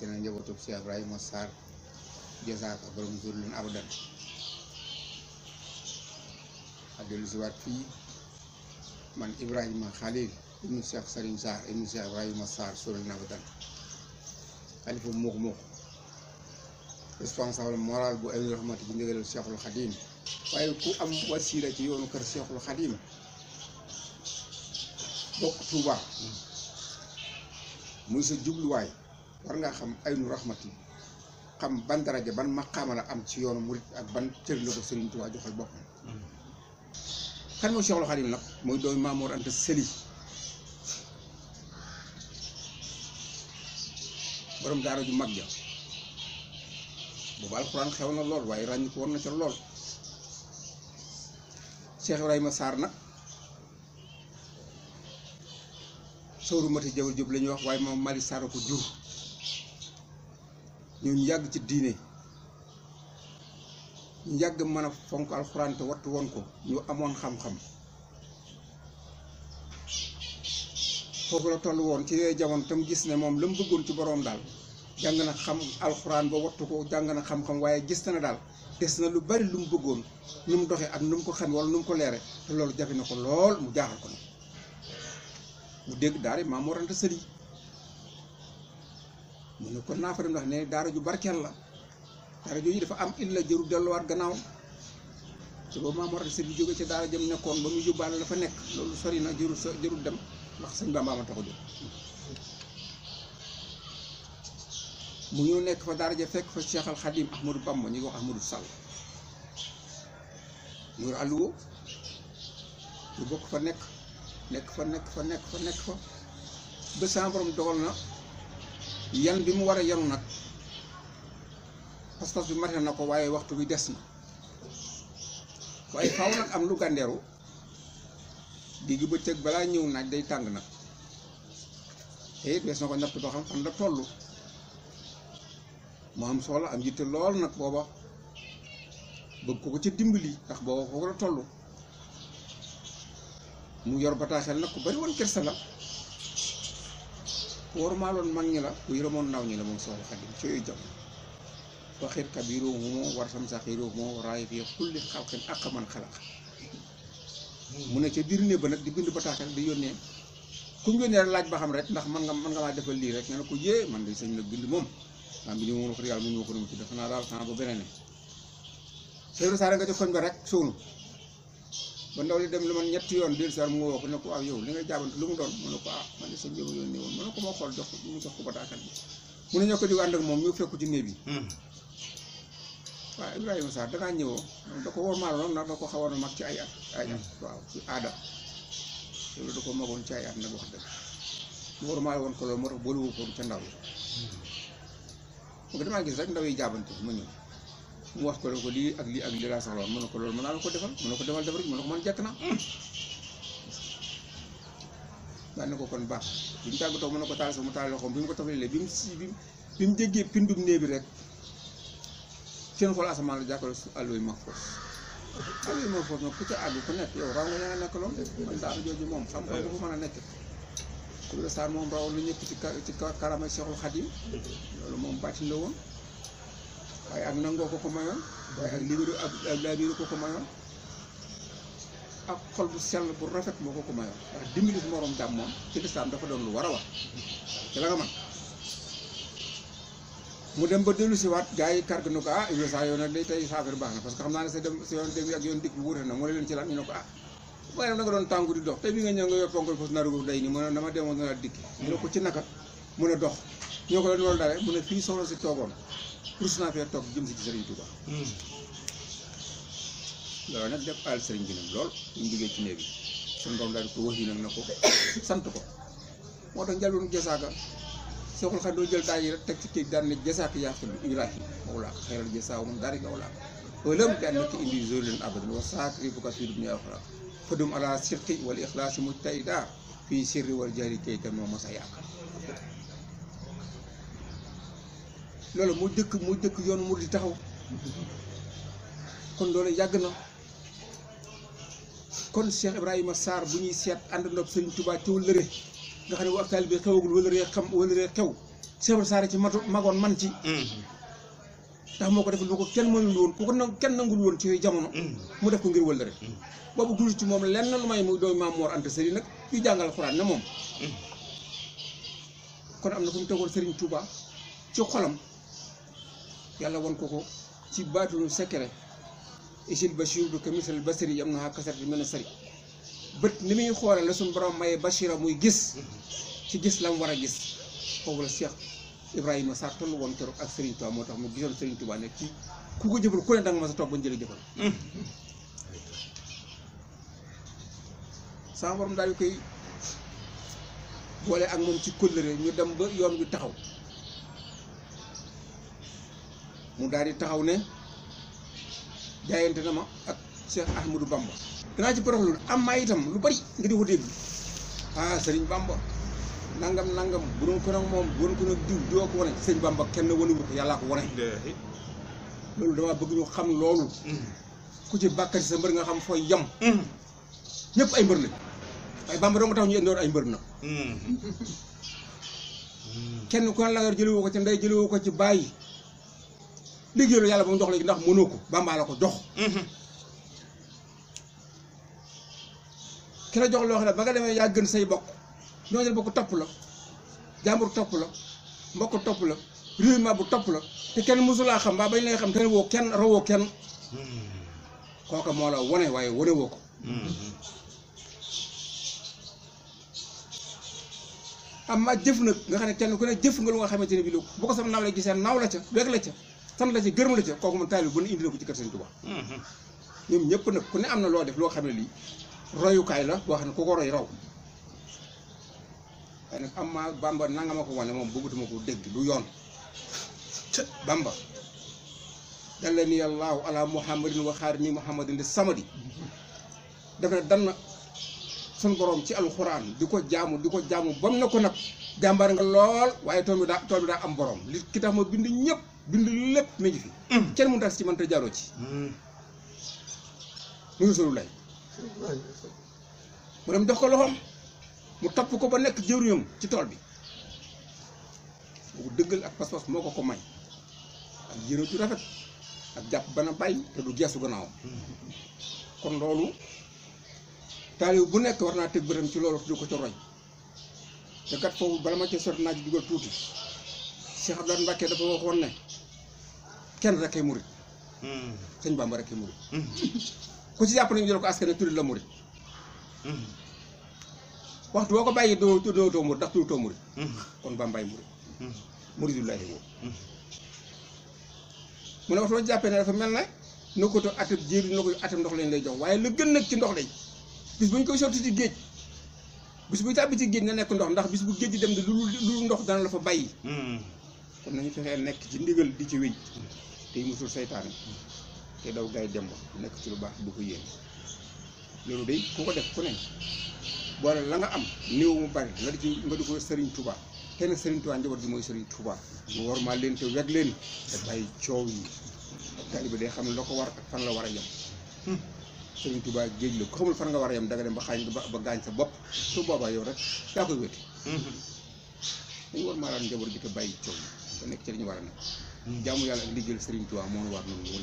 rawatina njabootub Cheikh Ibrahima Sarr jasaaka borom zulun abadan a dellu si fii man Ibrahima Khalil ibnu Cheikh Sëriñ Sarr ibnu Cheikh Ibrahima Sarr zulun abadan xalifa muux muux responsable moral bu Aynu Rahmati bu ndigalal Cheikhul Xadim waaye ku am wasiila ci yoonu kër Cheikhul Xadim bokk Touba muy sa jubluwaay war ngaa xam aynu rahmat yi xam ban daraja ban maqaama la am ci yoonu murit ak ban cër la ko Serigne Touba joxal boppam. kan mooy Cheikhul Khadim nag mooy doomi Maamoor Anta Sëli borom daara ju mag ja boobu alxuraan xew na lool waaye ràññ ko war na ca lool Cheikh Ibrahima Sarr nag sooru mati jawal jub la ñuy wax waaye moom Mali Sarr ko jur ñëw ñu yàgg ci diine ñu yàgg mën a fonk alxuraan te wattu woon ko ñu amoon xam-xam foofu la toll woon ci yooyu jamono tam gis ne moom la mu bëggoon ci boroom daal jàng na xam alxuraan ba wattu ko jàng na xam waaye gis na daal des na lu bari lu mu bëggoon nu mu doxee ak nu mu ko xam wala nu mu ko leere te loolu jafe na ko lool mu jaaxal ko nag mu dégg daal yi maam moo ranta mu ne kon naa fa dem ndax ne daara ju barkeel la daara jooju dafa am illa jëru delluwaat gannaaw su boobu maam war a bi jóge ca daara jëm nekkoon ba muy yóbbaale la fa nekk loolu sori na jëru sa jërul dem ndax sëñ Bamba ma taxu jóg mu nekk fa daara ja fa Cheikh Al Khadim Ahmadou Bamba ñu ngi wax Ahmadou Sall mu yor alluwo bokk fa nekk nekk fa nekk fa nekk fa nekk fa ba sa dogal na yan bi mu war a yanu nag pas-pas bi mate na ko waaye waxtu bi des na waaye faaw nag am lu gàndeeru digg bëccëg balaa ñëw naaj day tàng nag te eh, it des na ko natt ba mu am soxla am jitte lool nag booba bëgg ko ko ca dimbali ndax booba foofu la toll mu yor bataaxel nag ku bari woon kersa la wormaaloon mag ñi la ku yërëmoon naw ñi la moom Seexul Xadiim ci yooyu jamono waxir kabiruhumoo warasam saxiruhumoo waraayi fi kulli xalqin ak man xalaq mu ne ca biir néeg ba nag di bind bataaxal di yónnee ku ñu yónnee laaj ba xam rek ndax man nga man defal lii rek nga ne ko yée man de sëñ nag bind moom waa mbi ni moom wax yàlla mënu ma ko dama ci def naa daal temps ba beneen ne Seydou Sarr nga ca koñ ba rek suunu ba ndaw li dem lu man ñetti yoon dil sar mu woo ko ne ko waaw yow li nga jaabante lu mu doon mu ne ko ah man ne sëñ bi ma yónni woon mu ne ko moo xool jox mu jox ko bataakat bi mu ne ko jóg ànd moom ñu fekku ci néeg bi hmm. waaw Ibrahima Sarr dangaa ñëwoo da ko wormaaloon nag da ko xawoon a mag ci ay at ay at hmm. waaw ci aada loolu da ko magoon ci ay at nag wax dëgg mu wormaal woon ko loolu moo tax boole wu ko ca ndaw yi hmm. demaa gis rek ndaw yi jaabante ma ñëw mu wax ko la ko lii ak lii ak lii laa mën na ko loolu mën naa la ko defal mën na ko defal defal mën na ko mën jàkk na daan na ko kon baax bi mu tàggatoo mën na ko taal sax mu taal ko tafalee bi mu si bi mu bi mu déggee pindum néeg bi rek seen xool asamaan la jàkkaarloo su àllo yu mag foofu àllo raw nga yaa a nekk Kubra ci ci karama Cheikhul Khadim loolu moom bàtti la woon waaye ak nangoo ko ko mayoon waaye ak libéru ak laabiru ko ko mayoon ak xol bu sell bu rafet moo ko ko mayoon ndax dimbali morom jàmm moom ci lislaam dafa doon lu war a wax ci la nga si waat gars yi kàr gi ne ko ah yooyu saa yoon leen ci lan ñu ne ko ah waaye da nga doon di dox tey bi nga ñëw nga yóbbu ponkal naru day nii mu ne dama demoon na dikk. ñu ne ko ci naka mu ne dox. ñoo ko doon loolu dara mu ne fii soxna si toogoon rus naa fee toog jëm si ci Serigne Touba. Hmm. loolu nag def àll Serigne bi lool ñu ci néeg bi suñu borom na ko sant ko moo tax njëlbéenu jasaaka soxla xam doo jël daal yi rek teg ci kii daan ne jasaaka yaa xam ne Ibrahima aw laa xayral jasaaw moom daal di ko aw laa ko loolu daan na ci wa saak yi fii sirri wal jahri kay kan moom mos a loolu moo jëkk moo jëkk yoonu mu di taxaw kon loolu yàgg na kon Cheikh Ibrahima Sarr bu ñuy seet àndandoog Serigne tubaa ci wëllëre nga xam ne bu ak taalibe bi xewagul wëllëre xam wëllëre xew Cheikh Ibrahima Sarr ci matu magoon man ci ndax moo ko def lu ko kenn mënul woon ku ko kenn nangul woon ci yooyu jamono mu def ko ngir wëllëre boobu dul ci moom lenn lu may muy dooy maam Mor Anta Sali nag yu jàngal xuraan ne moom kon am na fu mu tegoon Serigne Touba ci xolam yàlla won ko ko ci baatinu secret isil bashir du ka misal basari yam na xàkkasar bi mën na sari bët ni muy xoole la suñu borom maye bashira muy gis ci gis lam war a gis foofu la Cheikh Ibrahima Sarr tollu woon keroog ak Serigne moo tax mu gisoon Serigne Touba nekk ci ku ko jëfal ku ma sa toog ba njële jëfal sama borom daal di koy boole ak moom ci kóllëre ñu dem ba yoon wi taxaw mu daal di taxaw ne jaayante na ma ak Cheikh Ahmadou Bamba. danaa ci poroxlu am maa itam lu bari nga di ko dégg ah Serigne Bamba nangam nangam bu doon ko nag moom bu doon ko nag diw doo ko wane kenn wane ko yàllaa bëgg ñu xam loolu. Mm-hmm. ku ci bàkkati sa mbër nga xam fooy yem. Mm-hmm. ñëpp ay mbër lañ. waaye Bamba doo nga tax ñu indoon ay mbër nag. Mm-hmm. kenn ku la nga jëlee ko ci ndey jëlee ko ci bàyyi. liggéeyalu yàlla ba mu jox léegi ndax mënoo ko bàmbaa la ko jox. Mhm. ki jox loo xam ne ba nga demee yaa gën say bokk ñooñu bokk topp la jàmbur topp la mbokk topp la réew ma bu topp la te kenn mësulaa xam mbaa bañ lay xam te woo kenn rawoo kenn mhm. kooka moo la wone waaye wane woo ko. Mhm. am ma jëf nag nga xam ne kenn ku ne jëf nga lu nga xamante ne bi lu bu ko sam naaw la gisee naw la ca rek la ca. sant la ci gërëm la ci kooku moom taalibe bu ne indi na ko ci ñoom ñëpp nag ku ne am na loo def loo xam ne royukaay la boo xam ne ku ko roy raw waaye nag am ma moom bëggatuma ko dégg du yoon bamba dalla ni allahu ala muhammadin wa xaari ni muhammadin di samadi daf ne dan sun borom ci alxuraan di ko jaamu di ko jaamu bam na ko nag jàmbaar nga lool waaye tool bi daa tool daa am boroom li ki tax ma bind ñëpp bind lépp mi ngi fi. Mm. kenn mënut a ci mënta jaaroo ci. Mm. muy Rasulullah. dem jox ko loxoom mu tapp ko ba nekk jëwriñam ci tool bi. boobu dëggal ak pas-pas moo ko ko may ak yéene ju rafet ak jàpp bana bàyyi te du geesu gannaawam. Mm. kon loolu taalib bu nekk war naa teg bëtam ci loolu di ko ca roy te kat foofu bala ma ca sori naa ci dugal tuuti Cheikh Abdoulaye Mbacke dafa waxoon ne. kenn rek kay murit hmm. sëñ Bàmba rek kay murit hmm. ku ci jàpp nañu jël ko askan ne tuddee la murit hmm. waxtu boo ko bàyyi doo doo too murit ndax tuddee too murit kon Bàmbaay murit muridullaahi moom mu ne waxtu boo jàppee ne dafa mel na noo ko toog atam jéer noo ko atam ndox lañ lay jox waaye lu gën nag ci ndox lañ bis bu ñu koy sotti ci géej bis bu tàbbi ci géej na nekk ndox ndax bis bu géej di dem de lu lu ndox dana la fa bàyyi kon nañu fexee nekk ci ndigal di ci wéy tey musul seytaane te daw gay dem nekk ci lu baax du ko yéene loolu day ku ko def ku ne boole la nga am néew mu bari nga di ci nga di ko Serigne Touba te ne Serigne Touba njaboot gi mooy Serigne Touba mu war leen te weg leen te bàyyi day xam ne la ko war ak fan la war a yem Serigne géej la ko xamul fan nga war a yem danga dem ba xaañ ba gaañ sa bopp su boobaa yow rek yaa koy wéti dañu mhm. war maa laan njaboot gi te bàyyi coow yi te nekk ci li ñu war a nekk jaamu yàlla ak liggéeyal Serigne Touba moo war noonu